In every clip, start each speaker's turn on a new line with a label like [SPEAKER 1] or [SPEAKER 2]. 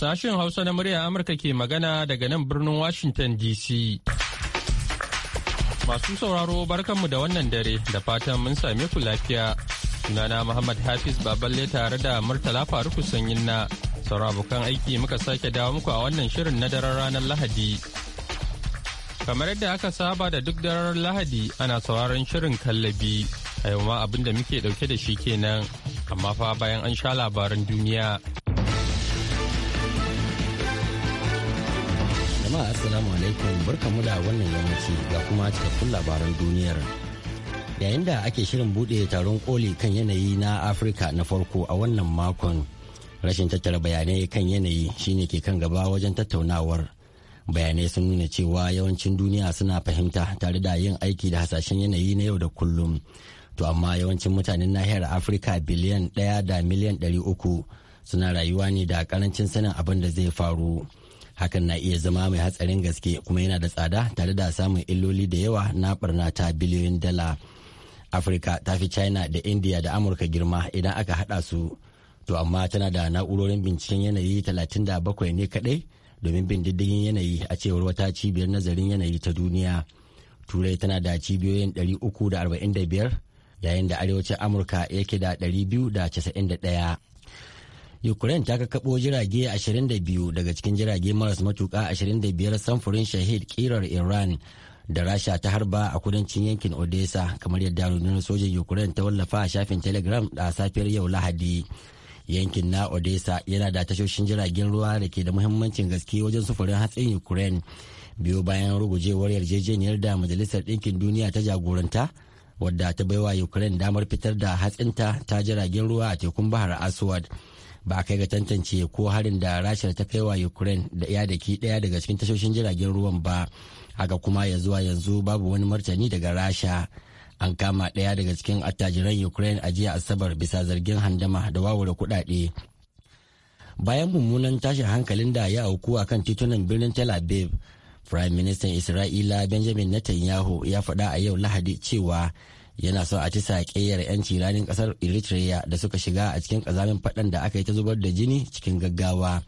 [SPEAKER 1] Sashen Hausa na murya Amurka ke magana daga nan birnin Washington DC. Masu sauraro barkanmu da wannan dare da fatan mun same ku lafiya. Sunana Muhammad Hafiz Baballe tare da Murtala Faruku Sanyin na abokan aiki muka sake dawo muku a wannan shirin na daren ranar Lahadi. Kamar yadda aka saba da duk daren Lahadi ana sauraron shirin kallabi. A yau ma abin da muke dauke da shi kenan, amma fa bayan an sha labaran duniya
[SPEAKER 2] jama'a assalamu alaikum barkamu da wannan yammaci ga kuma cikakkun labaran duniyar yayin da ake shirin bude taron koli kan yanayi na afirka na farko a wannan makon rashin tattara bayanai kan yanayi shine ke kan gaba wajen tattaunawar bayanai sun nuna cewa yawancin duniya suna fahimta tare da yin aiki da hasashen yanayi na yau da kullum to amma yawancin mutanen nahiyar afirka biliyan ɗaya da miliyan ɗari uku suna rayuwa ne da karancin sanin abin da zai faru hakan na iya zama mai hatsarin gaske kuma yana da tsada tare da samun illoli da yawa na barna ta biliyoyin dala afirka ta fi china da india da amurka girma idan aka hada su to amma tana da na'urorin binciken yanayi 37 ne kadai domin bin diddigin yanayi a cewar wata cibiyar nazarin yanayi ta duniya turai tana da cibiyoyin 345 yayin da arewacin amurka yake da 291 Ukraine ta kakabo jirage 22 daga cikin jirage maras matuka 25 samfurin shahid kirar Iran da Rasha ta harba a kudancin yankin Odessa kamar yadda rundunar sojin Ukraine ta wallafa a shafin Telegram da safiyar yau Lahadi. Yankin na Odessa yana da tashoshin jiragen ruwa da ke da muhimmancin gaske wajen sufurin hatsin Ukraine. biyu bayan rugujewar yarjejeniyar da Majalisar Ɗinkin Duniya ta jagoranta, wadda ta baiwa Ukraine damar fitar da hatsinta ta jiragen ruwa a tekun Bahar Aswad. ba kai ga tantance ko harin da rasha ta kai wa ukraine da ya daki daya daga cikin tashoshin jiragen ruwan ba haka kuma ya zuwa yanzu babu wani martani daga rasha an kama ɗaya daga cikin attajiran ukraine a jiya asabar bisa zargin handama da wawure kuɗaɗe bayan mummunan tashin hankalin da ya auku a kan titunan birnin tel aviv prime minister isra'ila benjamin netanyahu ya faɗa a yau lahadi cewa yana so a ci saƙeyar 'yanci ranin ƙasar eritrea da suka shiga a cikin ƙazamin faɗan da aka yi ta zubar da jini cikin gaggawa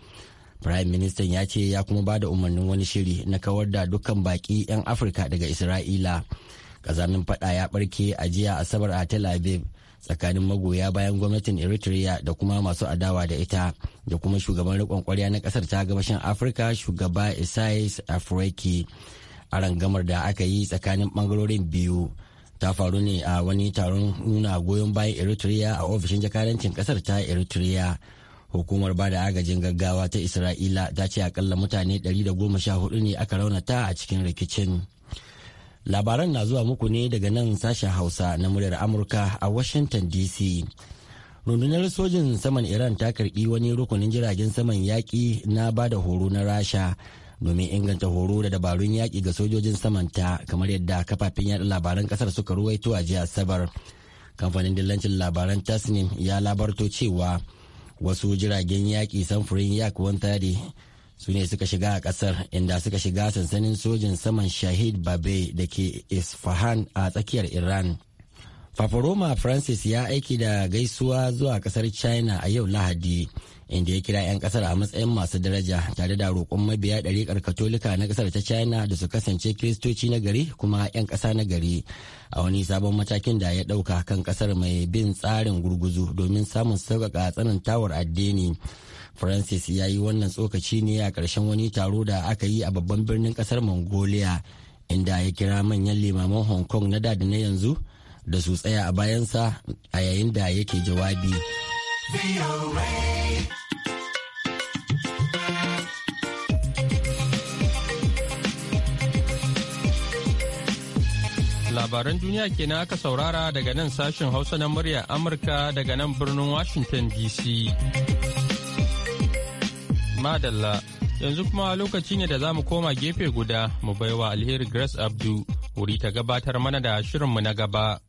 [SPEAKER 2] prime minister ya ce ya kuma ba da umarnin wani shiri na kawar da dukkan baƙi 'yan afirka daga isra'ila ƙazamin faɗa ya ɓarke a jiya asabar a tel aviv tsakanin magoya bayan gwamnatin eritrea da kuma masu adawa da ita da kuma shugaban riƙon kwarya na ƙasar ta gabashin afirka shugaba isais afreki a rangamar da aka yi tsakanin ɓangarorin biyu ta faru ne a wani taron nuna goyon bayan eritrea a ofishin jakadancin kasar ta eritrea hukumar bada agajin gaggawa ta isra'ila ta ce akalla mutane 114 ne aka raunata a cikin rikicin labaran na zuwa muku ne daga nan sashen hausa na muryar amurka a washington dc rundunar sojin saman iran ta karbi wani rukunin jiragen saman yaƙi na bada horo na rasha domin inganta horo da dabarun yaƙi ga sojojin samanta kamar yadda kafafen yaɗa labaran ƙasar suka ruwaito a jiya sabar kamfanin dillancin labaran tasnim ya labarto cewa wasu jiragen yaƙi samfurin yak wantare su ne suka shiga a ƙasar inda suka shiga sansanin sojin saman shahid babe da ke isfahan a tsakiyar iran faforoma francis ya aiki da gaisuwa zuwa ƙasar china a yau lahadi inda ya kira 'yan kasar a matsayin masu daraja tare da roƙon mabiya ɗariƙar katolika na kasar ta china da su kasance kiristoci na gari kuma 'yan ƙasa na gari a wani sabon matakin da ya ɗauka kan ƙasar mai bin tsarin gurguzu domin samun sauƙaƙa tsanantawar addini francis ya yi wannan tsokaci ne a ƙarshen wani taro da aka yi a babban birnin ƙasar mongolia inda ya kira manyan limaman hong kong na da na yanzu da su tsaya a bayansa a yayin da yake jawabi.
[SPEAKER 1] labaran duniya kenan aka saurara daga nan sashen Hausa na murya Amurka daga nan birnin Washington DC. Madalla, yanzu kuma lokaci ne da za mu koma gefe guda mu baiwa alheri Grace Abdu wuri ta gabatar mana da shirinmu na gaba.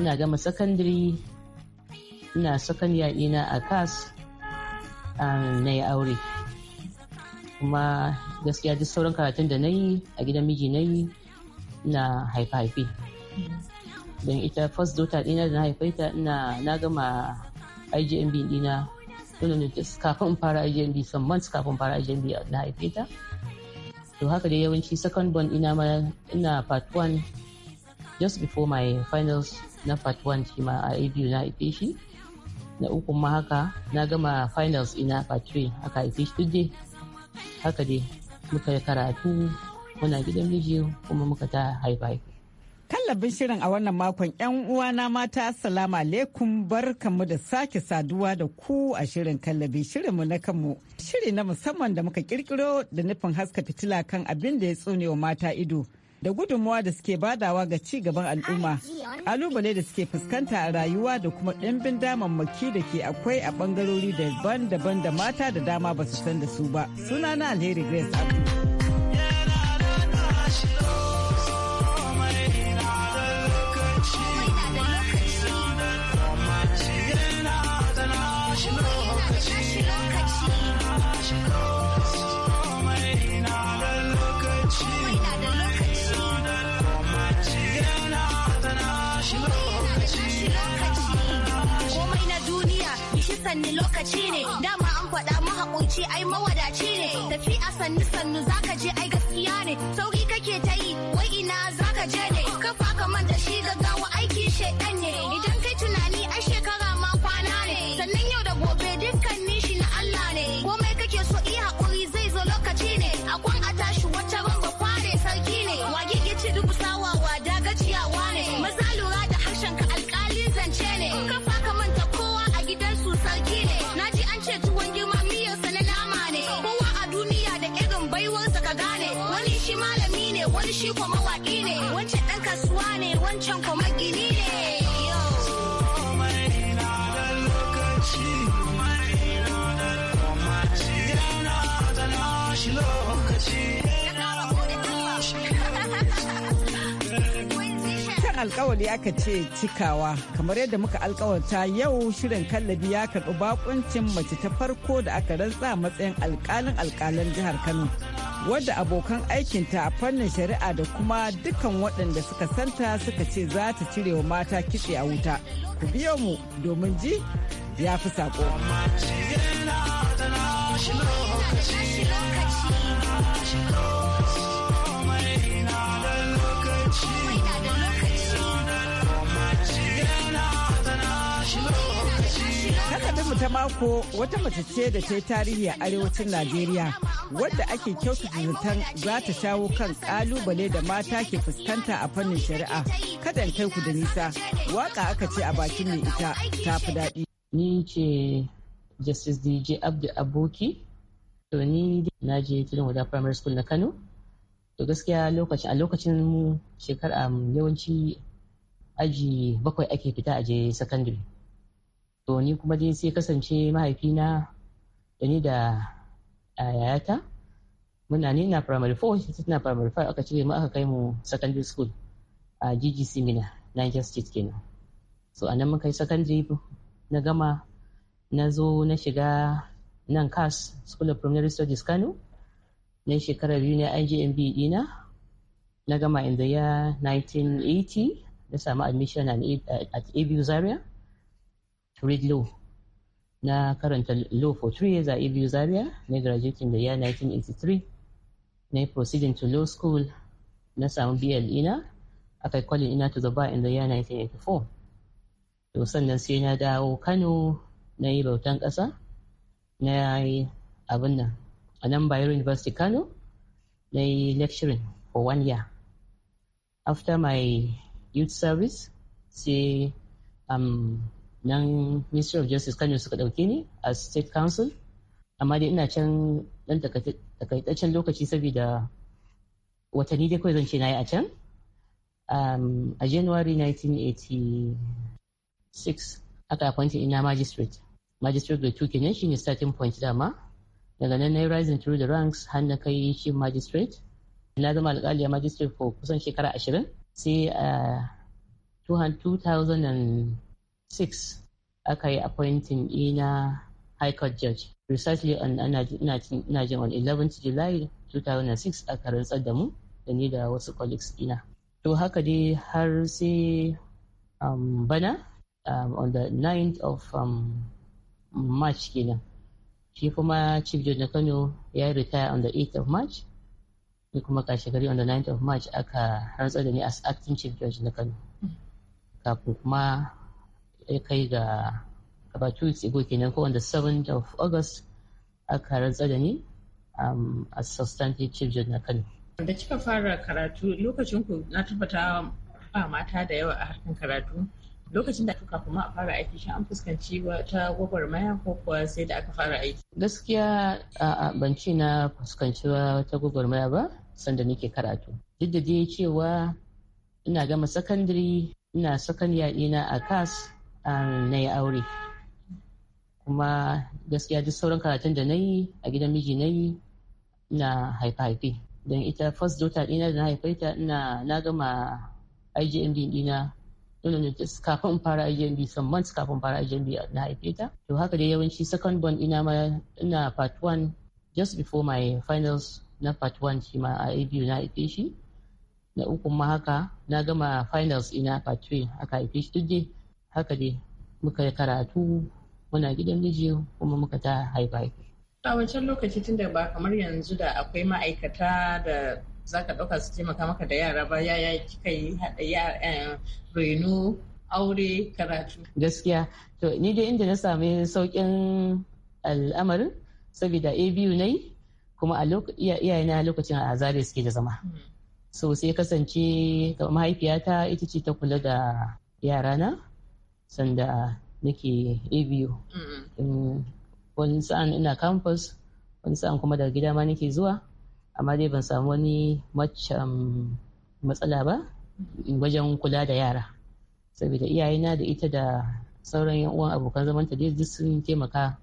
[SPEAKER 3] Ina gama sakandare ina sakandiyar ɗina a kas um, na yi aure kuma gaskiya duk sauran karatun da na yi a gidan miji na yi na haife-haife don ita first daughter ɗina da na haifaita ina na gama IGMB ɗina kafin fara IGMB some months kafin fara IGMB na haifaita to haka dai yawanci second born ina ma ina part 1 just before my finals na part 1 shi ma a abu na haife shi na uku ma haka na gama finals ina patrick haka haife shi tuje haka dai muka yi karatu muna gidan miji kuma muka ta haifa
[SPEAKER 4] kallabin shirin a wannan makon yan uwana mata salamu alaikum barkamu da sake saduwa da ku a shirin kallabi shirinmu na kanmu shiri na musamman da muka kirkiro da nufin haska fitila kan abin da ya wa mata ido da gudunmawa da suke badawa ga ci gaban al'umma kalubale da suke fuskanta a rayuwa da kuma ɗimbin damammaki da ke akwai a ɓangarori daban-daban da mata da dama ba su san da su ba sunana alheri grace abu.
[SPEAKER 5] sanni lokaci ne dama an faɗa mahaƙunci ai mawadaci ne tafi a sanni sannu zaka je ai gaskiya ne sauri kake ta yi
[SPEAKER 4] alkawari aka ce cikawa kamar yadda muka alkawarta yau shirin kallabi ya karɓi bakuncin mace ta farko da aka rantsa matsayin alkalin alkalan jihar kano wadda abokan aikinta a fannin shari'a da kuma dukkan waɗanda suka santa suka ce za ta cire wa mata kitse a wuta ku biyo mu domin ji ya fi saƙo. Oh, ta mako wata mace ce da ta yi tarihi a arewacin Najeriya wadda ake kyautata zaton za ta shawo kan kalubale da mata ke fuskanta a fannin shari'a. Kadan kai ku da nisa, waka aka ce a bakin mai ita ta
[SPEAKER 3] fi daɗi. Ni ce Justice DJ Abdu Aboki, to ni na je Tudun Wada Primary School na Kano. To gaskiya lokacin a lokacin mu shekara um, yawanci aji bakwai ake fita a je secondary. to ni kuma dai sai kasance mahaifina da ni da yayata muna ni na primary shi tana primary five aka cire mu aka kai mu secondary school a ggc mina niger state kenan so a nan muka yi secondary na gama na zo na shiga nan cas school of primary studies kano na shekarar biyu na igmb e dina na gama in the year 1980 na samu admission at abu zaria read law na karanta law for three years a ibu e zaria na in the year 1983 na proceeding to law school na samu bl na aka yi kwalin ina to the bar in the year 1984 to sannan sai na dawo kano na yi bautan ƙasa na yi abin nan a nan bayero university kano na yi lecturing for one year after my youth service sai um, nan ministry of justice kano suka ɗauke ni a state council amma dai ina can ɗan takaitaccen lokaci saboda watanni dai kawai zan ce na yi a can um, a january 1986 aka appoint ina magistrate magistrate grade 2 kenan shine starting point dama daga nan na yi rising through the ranks har na kai shi magistrate na zama alƙali a magistrate for kusan shekara ashirin sai a 2000 6 aka yi appointing Ina High Court Judge. Precisely on ina jin on 11th July 2006 aka rantsar da mu da ni da wasu colleagues Ina. To haka dai har sai um, bana um, on the 9th of um, March kenan. Shi kuma Chief Judge na Kano ya retire on the 8th of March. Ni kuma kashe gari on the 9th of March aka rantsar da ni as acting Chief Judge na Kano. Hmm. Kafin kuma ya kai ga about two weeks kenan ko on the 7th of august aka rantsa da ni um, a substantive chief judge na kano da kika fara karatu lokacin
[SPEAKER 5] ku na tabbata ba mata da yawa a harkar karatu lokacin da kuka kuma a fara aiki shi an fuskanci wata gwagwarmaya ko kuwa sai da aka fara aiki
[SPEAKER 3] gaskiya ban banci na fuskanci wata gwagwarmaya ba sanda nake karatu duk da dai cewa ina gama sakandare ina sakandare ina a kas na yi aure kuma gaskiya duk sauran karatun da na yi a gidan miji na yi na haife-haife don ita first daughter ɗina da na haife ta ina na gama IGMB ɗina kafin fara IGMB some months kafin fara IGMB na haife ta to haka dai yawanci second born ina ma ina part one just before my finals na part one shi ma a ABU na haife shi na uku ma haka na gama finals ina part three aka haife shi duk dai haka dai muka yi karatu muna gidan miji kuma muka ta haifa
[SPEAKER 5] a wancan lokaci tun da ba kamar yanzu da akwai ma'aikata da za ka ɗauka su taimaka maka da yara ba yaya kika yi haɗa eh, reno aure karatu
[SPEAKER 3] gaskiya to ni dai inda na sami sauƙin al'amarin saboda a biyu na yi kuma a iyayena lokacin a zare suke da zama hmm. so sai kasance mahaifiyata ita ce ta kula da yarana sanda nake abu mm-hmm. wani sa'an ina campus wani sa'an kuma daga gida ma nake zuwa amma dai ban samu wani matsala ba mm-hmm. wajen kula da yara saboda iyayena da ita da sauran yan uwan abokan zamanta dai duk sun taimaka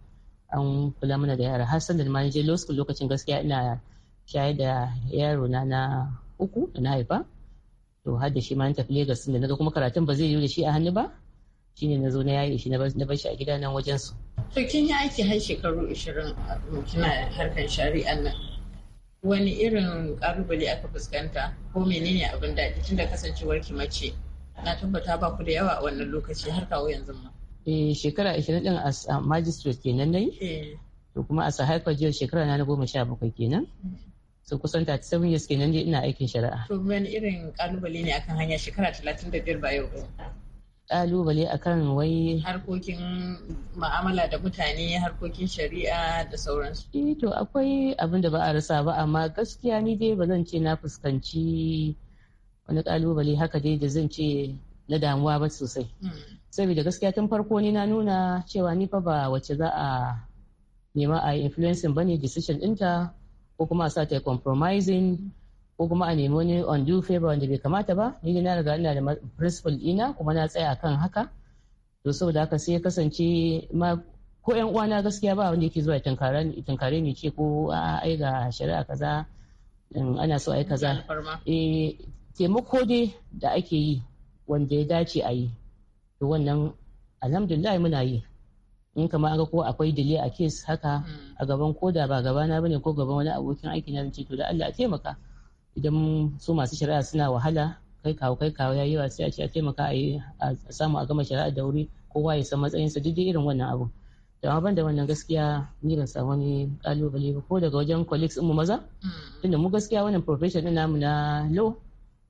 [SPEAKER 3] an kula mana da yara har sanda ma je law lokacin gaskiya ina shayar da yaro na na uku da na haifa to har da shi ma na tafi Lagos da naga kuma karatun ba zai yi da shi a hannu ba shine na zo na yaye shi na bar shi a gida nan wajen su
[SPEAKER 5] to kin yi aiki har shekaru 20 um, kina harkar shari'an nan wani irin ƙalubale aka fuskanta ko menene abin da da kasancewar ki mace na tabbata ba ku da yawa a wannan lokaci har kawo yanzu ma
[SPEAKER 3] eh shekara 20 din as magistrate kenan nayi eh. to kuma a sahaifar jiya shekara na goma sha bakwai kenan so kusan 37 years kenan dai ina aikin shari'a
[SPEAKER 5] to wani irin ƙalubale ne akan hanya shekara 35 ba yau ba
[SPEAKER 3] kalubale kan wai
[SPEAKER 5] harkokin ma'amala da mutane harkokin shari'a da sauransu
[SPEAKER 3] eh to akwai abin da ba a rasa ba amma gaskiya ni dai ba zan ce na fuskanci wani kalubale haka dai da zan ce na damuwa ba sosai hmm. saboda gaskiya tun farko ni na nuna cewa ni fa ba wacce za a nema a influencing bane decision ɗinta ko kuma a sa ta compromising ko kuma a nemi wani undue favor wanda bai kamata ba ni na riga ina da principle ɗina kuma na tsaya akan haka to saboda haka sai ya kasance ma ko yan uwana gaskiya ba wanda yake zuwa tunkare ni ce ko a ai ga shari'a kaza ana so ai kaza eh taimako dai da ake yi wanda ya dace a yi to wannan alhamdulillah muna yi in kama ga ko akwai dile a kes haka hmm. a gaban koda ba gabana bane ko gaban wani abokin aiki na ce to da Allah a taimaka idan su masu shari'a suna wahala kai kawo kai kawo ya yawa sai a ce a taimaka a yi a samu a gama shari'a da wuri kowa ya san matsayinsa duk irin wannan abu da ban da wannan gaskiya ni ban samu wani kalubale ko daga wajen colleagues mu maza mm. tunda mu gaskiya wannan profession din namu na lo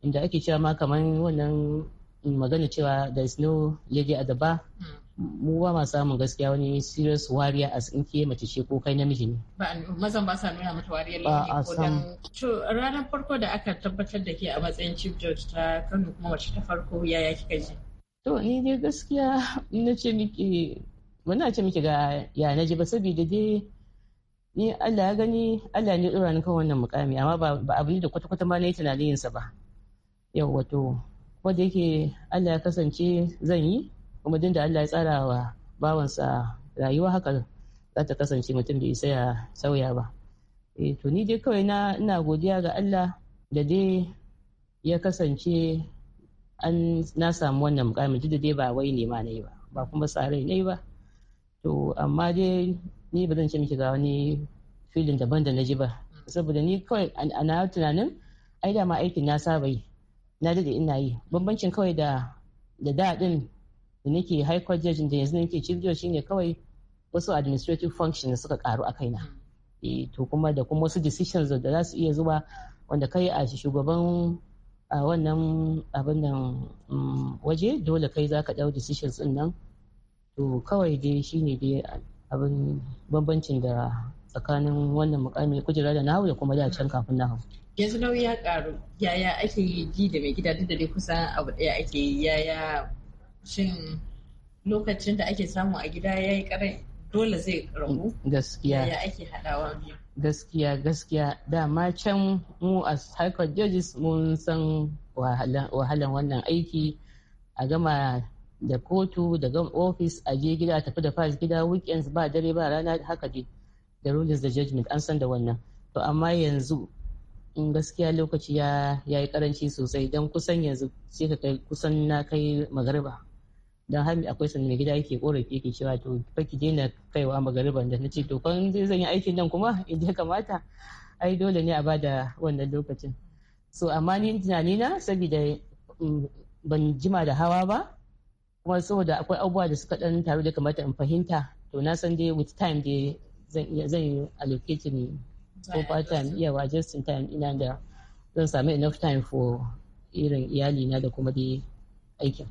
[SPEAKER 3] inda ake cewa ma kaman wannan magana cewa there is no lady at the bar mm. mu ba ma samun gaskiya wani serious wariya as in ke mace ce ko kai namiji ne
[SPEAKER 5] ba mazan ba sa nuna mata wariyar ba a san. to ranar farko da aka tabbatar da ke a matsayin chief judge ta Kano kuma mace ta farko yaya kika ji
[SPEAKER 3] to ni dai gaskiya na ce miki wannan ce miki ga ya naji ba saboda dai ni Allah ya gani Allah ne dora ni kan wannan mukami amma ba abu ne da kwata-kwata ma na yi tunanin yinsa ba yau wato ko da yake Allah ya kasance zan yi kuma din da Allah ya tsara wa bawansa rayuwa haka za ta kasance mutum bai isa ya sauya ba e to ni dai kawai ina godiya ga Allah da dai ya kasance an na samu wannan mukamin duk da dai ba wai ne ma yi ba ba kuma tsarai ne ba to amma dai ni ba zan ce miki ga wani filin daban da na ji ba saboda ni kawai ana tunanin ai da ma aikin na saba yi na dade ina yi bambancin kawai da da daɗin da nake high court judge da yanzu nake chief judge shine kawai wasu administrative functions suka karu a kaina e, to kuma da kuma wasu decisions da za su iya zuwa wanda kai a shugaban a wannan abin nan mm, waje dole kai za ka ɗau decisions ɗin nan to kawai dai shine dai abin bambancin da tsakanin wannan mukami kujera da nahu da kuma da can kafin nahu
[SPEAKER 5] yanzu nauyi ya karu yaya ake yi ji da mai gida duk da dai kusan abu ɗaya ake yi yaya shin lokacin da ake samu a gida ya yi karai dole zai ragu
[SPEAKER 3] gaskiya ya ake
[SPEAKER 5] haɗawa biyu
[SPEAKER 3] gaskiya gaskiya dama can mu a harkar judges mun san wahalan wannan aiki a gama da kotu da ofis a je gida tafi da fas gida weekends ba dare ba rana haka dai da rulings da judgment an san da wannan to amma yanzu in gaskiya lokaci ya yi karanci sosai don kusan yanzu sai ka kai kusan na kai magariba dan har akwai sanin gida yake korafi yake cewa to fa ki daina kaiwa magariban da nace to kan zai zan yi aikin nan kuma idan kamata ai dole ne a bada wannan lokacin so amma ni tunani na saboda mm, ban jima da hawa ba kuma saboda akwai abubuwa da suka dan taru da kamata in fahimta to na san dai with time dai zan yi allocating ko part time iya wa just in time ina da zan sami enough time for irin na da kuma dai aikin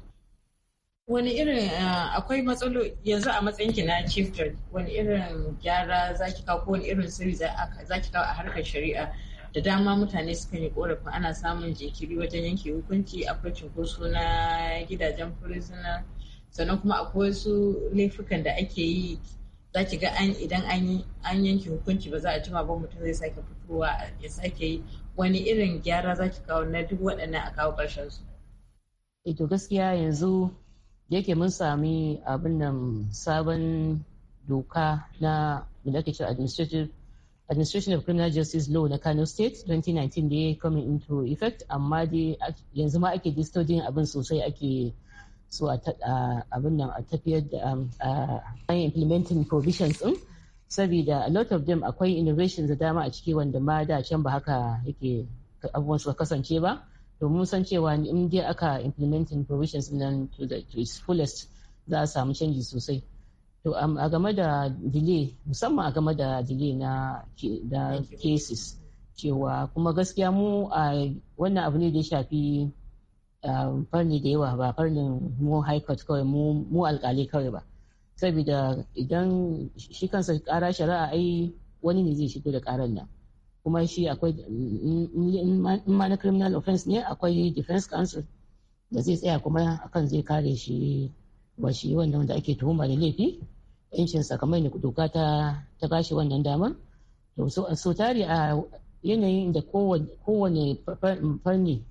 [SPEAKER 5] wani irin eh, akwai matsalo yanzu a matsayin ki na chief judge wani irin gyara za ki kawo wani irin sirri ki kawo a harkar shari'a da dama mutane suka yi korafin ana samun jinkiri wajen yanke hukunci akwai cunkoso na gidajen prisoner sannan kuma akwai wasu laifukan da ake yi za ki ga an idan an yanke hukunci ba za a jima ba mutum zai sake fitowa ya sake yi wani irin gyara za ki kawo na duk waɗannan a kawo ƙarshen su.
[SPEAKER 3] Ito eh, gaskiya yanzu yake mun sami abin nan sabon doka na da ake cewa administrative administration of criminal justice law na kano state 2019 da ya coming into effect amma dai yanzu ma ake distorting abin sosai ake so a abin nan a tafiyar da um, a implementing provisions din saboda a lot of them akwai innovations da dama a ciki wanda ma da can ba haka yake abubuwan suka kasance ba domin san cewa in dai aka implementing provisions nan to the to its fullest za a samu canji sosai to um, a game da delay musamman a game da delay na da cases cewa kuma gaskiya mu a wannan abu ne da ya shafi farni da yawa ba farnin mu high court kawai mu alkali kawai ba saboda idan shi kansa kara shari'a ai wani ne zai shigo da karar nan kuma shi akwai in ma na criminal offense ne akwai defense counsel da zai tsaya kuma akan zai kare shi ba shi wanda wanda ake tuhuma da laifi yancin sakamai ne doka ta ta bashi wannan damar to so so a yanayin da kowane fanni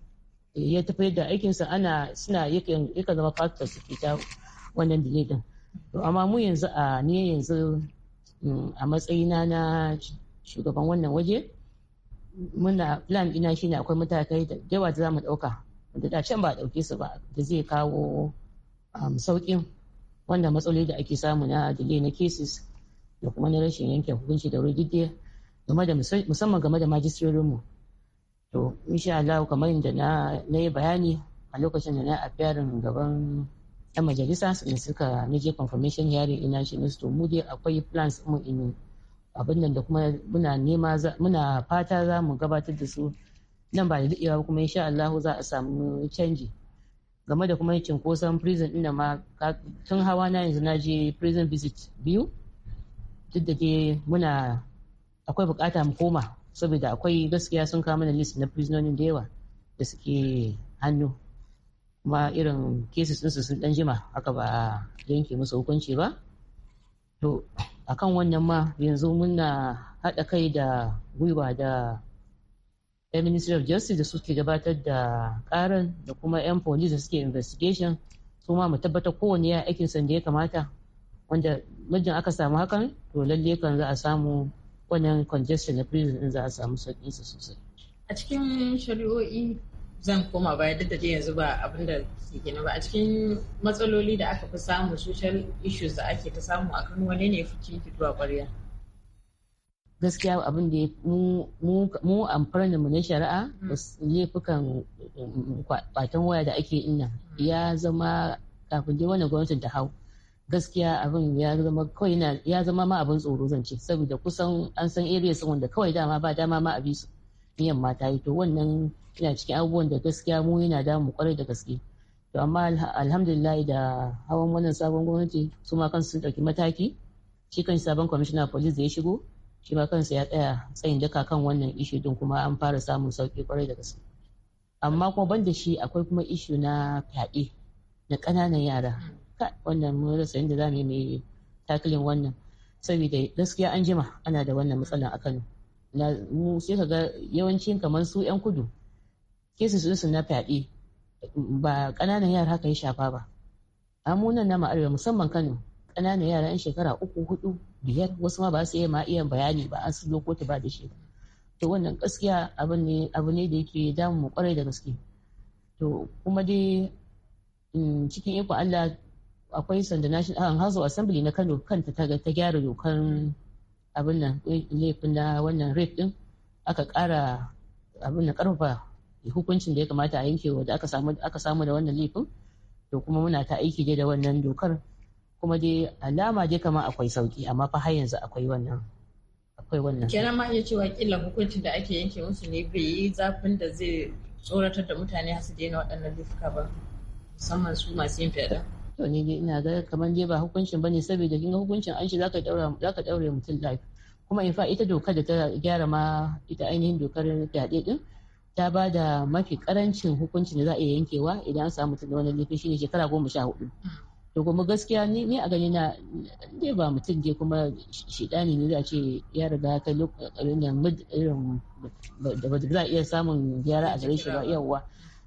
[SPEAKER 3] ya tafi da aikinsa ana suna yaka zama factor su fita wannan dalilin to amma mu yanzu a ne yanzu mm, a matsayina na shugaban wannan waje muna plan ina ne akwai matakai da yawa da mu dauka da da can ba a dauke su ba da zai kawo um, sauƙin wannan matsaloli da ake samu na delay na cases da kuma na rashin yanke hukunci da wuri game da musamman game da majistirorin mu to insha Allah kamar yadda na na yi bayani a lokacin da na afyarin gaban yan majalisa da suka na je confirmation hearing ina shi Mr. Mudi akwai plans mu in abin nan da kuma muna nema muna fata za mu gabatar da su nan ba da daɗewa kuma insha Allah za a samu canji game da kuma cinkoson prison ɗin ma tun hawa na yanzu na je prison visit biyu duk da ke muna akwai bukata mu koma saboda akwai gaskiya sun kawo mana list na prisonin da yawa da suke hannu kuma irin cases ɗinsu sun ɗan jima haka ba yanke musu hukunci ba to akan wannan ma yanzu muna haɗa kai da gwiwa da yan ministry of justice da suke gabatar da karan da kuma yan police da suke investigation su ma mu tabbatar kowane ya aikin sanda ya kamata wanda mijin aka samu hakan to lalle kan za a samu wannan congestion na prison din za a samu sauƙinsa sosai
[SPEAKER 5] a cikin shari'o'i zan koma baya duk da yanzu ba abin da ke gina ba a cikin matsaloli da aka fi samu social issues da ake ta samu a kan wani ne fi ciki zuwa ƙwarya
[SPEAKER 3] gaskiya abin da mu amfani da mu na shari'a hmm. laifukan um, kwatan waya da ake ina hmm. ya zama kafin dai wani gwamnatin ta hau gaskiya abin ya zama kawai ya zama ma abin tsoro zan zance saboda kusan an san area sun wanda kawai dama ba dama ma a bi niyan ma ta yi to wannan Ina cikin abubuwan da gaskiya mu yana damu kwarai da gaske to amma alhamdulillah da hawan wannan sabon gwamnati su ma kansu sun ɗauki mataki shi kan sabon kwamishina police da ya shigo shi ma kansa ya tsaya tsayin daka kan wannan issue din kuma an fara samun sauki kwarai da gaske amma kuma banda shi akwai kuma ishu na fyaɗe na ƙananan yara wannan mun rasa inda za mu yi mai takalin wannan saboda gaskiya an jima ana da wannan matsalan a Kano mu sai ka ga yawancin kamar su 'yan kudu kesin su su na fyaɗe ba ƙananan yara haka ya shafa ba amunan na arewa musamman kano ƙananan yara yan shekara uku hudu biyar wasu ma ba su iya ma iya bayani ba an su lokuta ba da shi to wannan gaskiya abu ne da yake damu mu kwarai da gaske to kuma dai mm, cikin iko Allah akwai sanda national um, house of assembly na Kano kanta ta ta gyara dokan abin nan eh, laifin na wannan rape din aka kara abin na karfafa. hukuncin da ya kamata a yanke wa aka samu aka samu da wannan laifin to kuma muna ta aiki dai da wannan dokar kuma dai alama dai kamar akwai sauki amma fa har yanzu akwai wannan akwai wannan kenan
[SPEAKER 5] ma iya cewa kila hukuncin da ake yanke musu ne bai yi zafin da zai tsoratar da mutane har su daina waɗannan laifuka ba musamman su masu yin fyaɗe
[SPEAKER 3] to ni dai ina ga kamar dai ba hukuncin bane saboda kin ga hukuncin an shi zaka daura zaka daure mutum life kuma in fa ita dokar da ta gyara ma ita ainihin dokar fyaɗe din ta ba da mafi karancin hukuncin da za a iya yankewa idan an samu mutum da wani laifin shine shekara goma sha hudu to kuma gaskiya ni a gani na ne ba mutum je kuma shidani ne za a ce ya riga ka lokacin da ba za a iya samun gyara a gare shi ba yawwa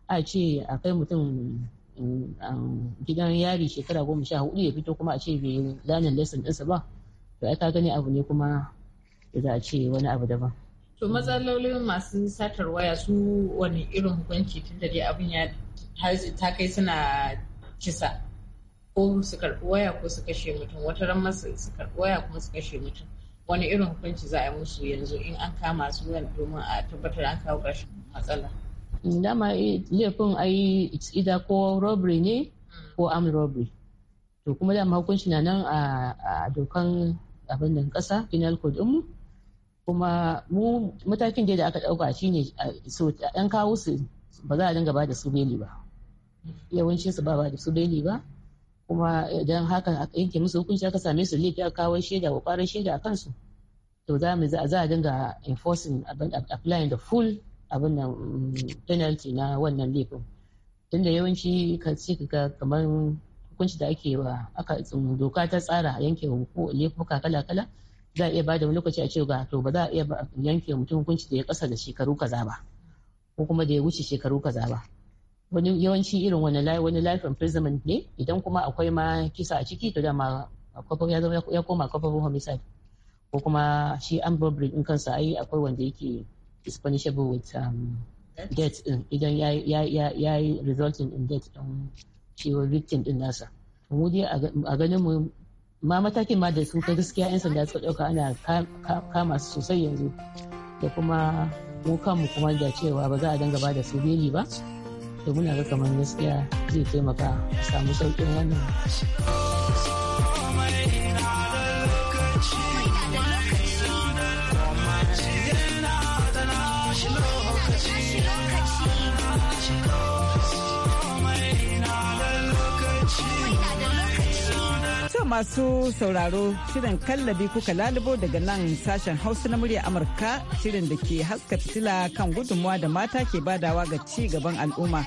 [SPEAKER 3] a ce a kai mutum um, gidan yari shekara goma sha hudu ya fito kuma a ce bai lanin lesson ɗinsa ba to ai ka gani abu ne kuma da za a ce wani abu daban. to
[SPEAKER 5] matsalolin masu satar waya su wani irin hukunci tun da dai abin ya ta kai suna kisa ko su karɓi waya ko su kashe mutum wata ran masu su karɓi waya kuma su kashe mutum wani irin hukunci za a yi musu yanzu in an kama su domin a tabbatar an kawo ƙarshen matsala.
[SPEAKER 3] dama laifin ai ita ko robbery ne hmm. ko am robbery to kuma dama hukunci na nan a dokan abin nan ƙasa penal code mu kuma mu matakin da aka dauka shine so an kawo su ba za a dinga ba da su beli ba yawancin su ba ba da su beli ba kuma idan haka yanke musu hukunci aka same su laifi aka kawo shaida ko kwarar shaida a kansu to za mu za a dinga enforcing abin applying the full abin da mm, penalty na wannan laifin tunda yawanci ka ce ka kamar hukunci da ake wa aka doka ta tsara yanke hukunci laifuka kala kala za a iya da wani lokaci a ce ga to ba za a iya yanke mutum hukunci da ya kasa da shekaru kaza ba ko kuma da ya wuce shekaru kaza ba wani yawanci irin wani wani life imprisonment ne idan kuma akwai ma kisa a ciki to dama ya zama ya koma kafafun homicide ko kuma shi an robbery in kansa ai akwai wanda yake is punishable with um, death din idan ya yi resulting in death din shi victim din nasa mu dai a ganin mu ma matakin ma da su ta gaskiya 'yan sanda suka ɗauka ana kama su sosai yanzu da kuma mu kanmu kuma da cewa ba za a dinga gaba da su beli ba to muna ga kamar gaskiya zai taimaka samu sauƙin wannan
[SPEAKER 4] masu sauraro shirin kallabi kuka lalubo daga nan sashen hausa na murya amurka shirin da ke haska fitila kan gudunmuwa da mata ke badawa ga ci gaban al'umma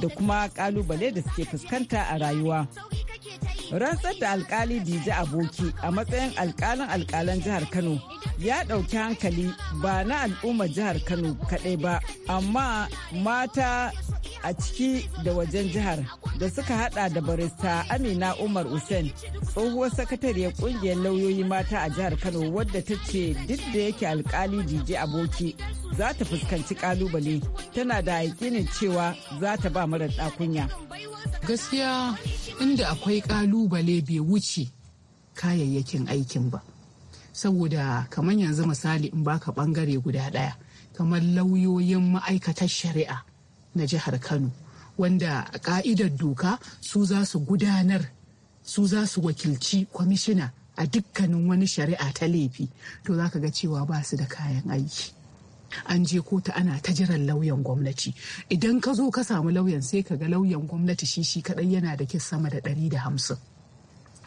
[SPEAKER 4] da kuma kalubale da suke fuskanta a rayuwa rantsar da alkali dije aboki a matsayin alkalin alkalan jihar kano ya ɗauki hankali ba na al'ummar jihar kano kaɗai ba amma mata a ciki da wajen jihar da suka hada da barista amina umar usain tsohuwar sakatariyar kungiyar lauyoyi mata a jihar kano wadda ta ce duk da yake alkali jiji aboki za ta fuskanci kalubale tana da yakinin cewa za ta ba mara dakunya gaskiya inda akwai kalubale bai wuce
[SPEAKER 6] kayayyakin aikin ba saboda kamar yanzu misali in baka bangare guda ɗaya kamar lauyoyin ma'aikatar shari'a na jihar kano wanda a ka'idar doka su za su gudanar su za su wakilci kwamishina a dukkanin wani shari'a ta laifi to za ka ga cewa ba su da kayan aiki an je kotu ana ta jiran lauyan gwamnati idan ka zo ka samu lauyan sai ka ga lauyan gwamnati shi shi kadai yana da kis sama da ɗari da hamsin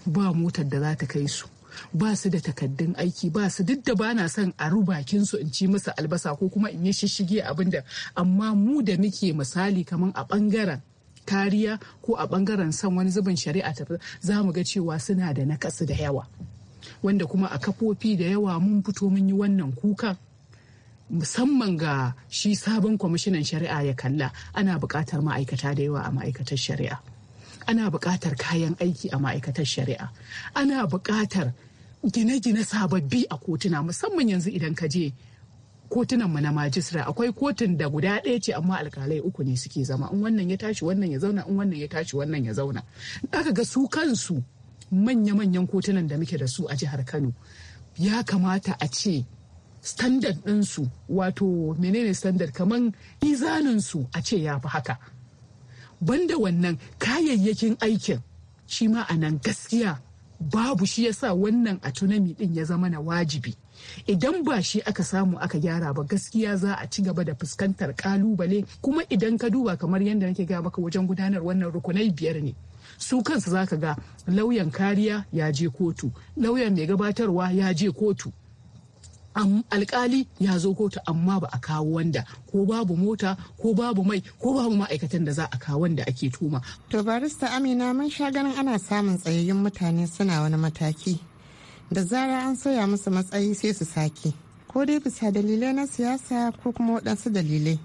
[SPEAKER 6] ba motar da za ta kai su ba su da takaddun aiki ba su duk da bana son a rubakin su in ci musu albasa ko kuma in yi shishige abin da amma mu da muke misali kamar a bangaren kariya ko a bangaren son wani zubin shari'a ta za mu ga cewa suna da nakasi da yawa wanda kuma a kafofi da yawa mun fito mun yi wannan kuka musamman ga shi sabon kwamishinan shari'a ya kalla ana buƙatar ma'aikata da yawa a ma'aikatar shari'a ana buƙatar kayan aiki a ma'aikatar shari'a ana buƙatar gine-gine sababbi a kotuna musamman yanzu idan ka je kotunanmu na majistra akwai kotun da guda ɗaya ce amma alkalai uku ne suke zama in wannan ya tashi wannan ya zauna in wannan ya tashi wannan ya zauna aka ga su kansu manya-manyan kotunan da muke da su a jihar kano ya kamata a ce standard ɗinsu wato menene standard Kamar izaninsu a ce ya fi haka banda wannan kayayyakin aikin shi ma a nan gaskiya babu shi yasa wannan a tunami din ya zama na wajibi idan ba shi aka samu aka gyara ba gaskiya za a ci gaba da fuskantar kalubale kuma idan ka duba kamar yadda nake ga maka wajen gudanar wannan rukunai biyar ne su kansu za ka ga lauyan kariya ya je kotu lauyan mai gabatarwa ya je kotu alkali ya zo kotu amma ba a kawo wanda ko babu mota ko babu mai ko babu ma'aikatan da za a kawo wanda ake
[SPEAKER 5] tuma. to barista amina mun sha ganin ana samun tsayayyen mutane suna wani mataki da zara an soya musu matsayi sai su sake ko dai bisa dalilai na siyasa ko kuma waɗansu dalilai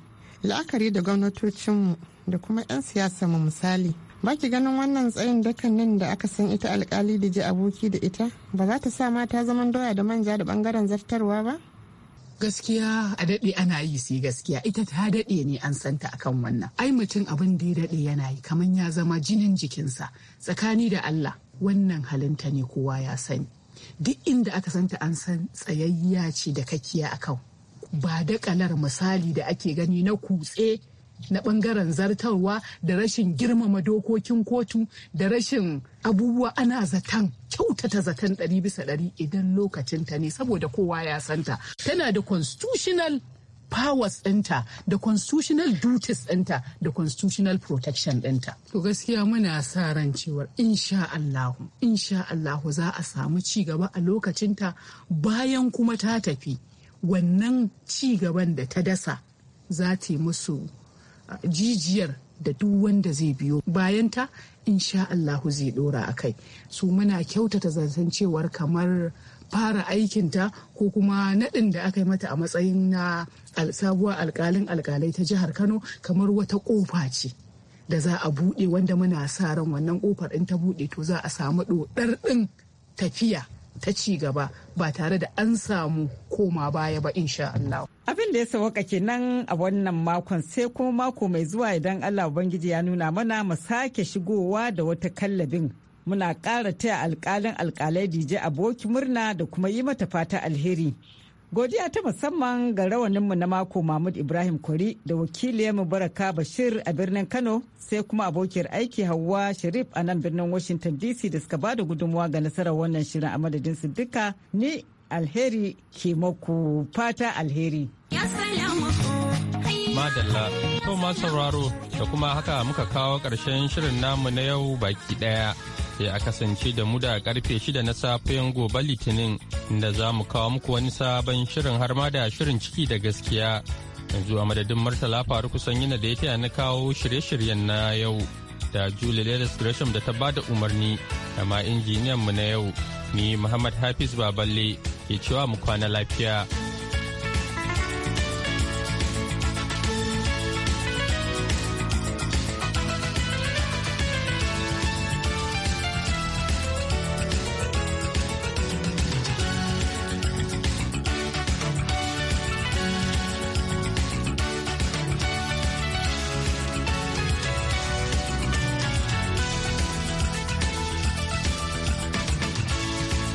[SPEAKER 5] la'akari da gwamnatocinmu da kuma 'yan siyasa mu misali ba ki ganin wannan tsayin dakan nan da aka san ita alkali da ji aboki da ita ba za ta sa mata zaman doya da manja da bangaren zartarwa ba gaskiya a
[SPEAKER 6] daɗe ana yi su gaskiya ita ta daɗe ne an santa akan wannan ai mutum abin da ya daɗe yana yi kamar ya zama jinin jikinsa tsakani da allah wannan halinta ne kowa ya sani duk inda aka santa an san tsayayya ce da kakiya akan ba da misali da ake gani na kutse na bangaren zartarwa da rashin girmama dokokin kotu da rashin abubuwa ana zaton kyautata zaton ɗari bisa ɗari idan lokacinta ne saboda kowa ya santa tana da constitutional powers ɗinta da constitutional duties ɗinta da constitutional protection ɗinta. To gaskiya muna sa ran cewar insha inshaallahu insha Allah za a samu ci gaba a lokacinta bayan kuma ta tafi wannan ci gaban da ta dasa za ta musu jijiyar da duk wanda zai biyo bayanta insha Allahu zai dora a kai su muna kyautata zancen cewar kamar fara aikinta ko kuma naɗin da aka yi mata a matsayin na sabuwar alkalin alkalai ta jihar kano kamar wata ƙofa ce da za a buɗe wanda muna sa ran wannan ƙofar in ta buɗe to za a samu ɗoɗar ɗin tafiya ta ci gaba ba tare da an samu koma baya ba insha Allah.
[SPEAKER 4] Abin da ya sauka kenan a wannan makon sai kuma mako mai zuwa idan Allah Ubangiji ya nuna mana mu sake shigowa da wata kallabin. Muna ƙara taya alƙalin alƙalai DJ aboki murna da kuma yi mata fata alheri. Godiya ta musamman ga rawaninmu na mako Mahmud Ibrahim Kwari da wakiliyar Baraka Bashir a birnin Kano sai kuma abokiyar aiki Hauwa Sharif a nan birnin Washington DC da suka bada gudunmuwa ga nasarar wannan shirin a madadin su duka ni alheri ke maku fata alheri.
[SPEAKER 1] Madalla, to ma sauraro da kuma haka muka kawo ƙarshen shirin namu na yau baki ɗaya. sai a kasance da mu da karfe shida na safiyan gobe litinin inda za mu kawo muku wani sabon shirin har ma da shirin ciki da gaskiya yanzu a madadin martala faru kusan yana da ya taya na kawo shirye-shiryen na yau da julie lewis gresham da ta ba da umarni da ma injiniyan mu na yau ni muhammad hafiz baballe ke cewa mu kwana lafiya.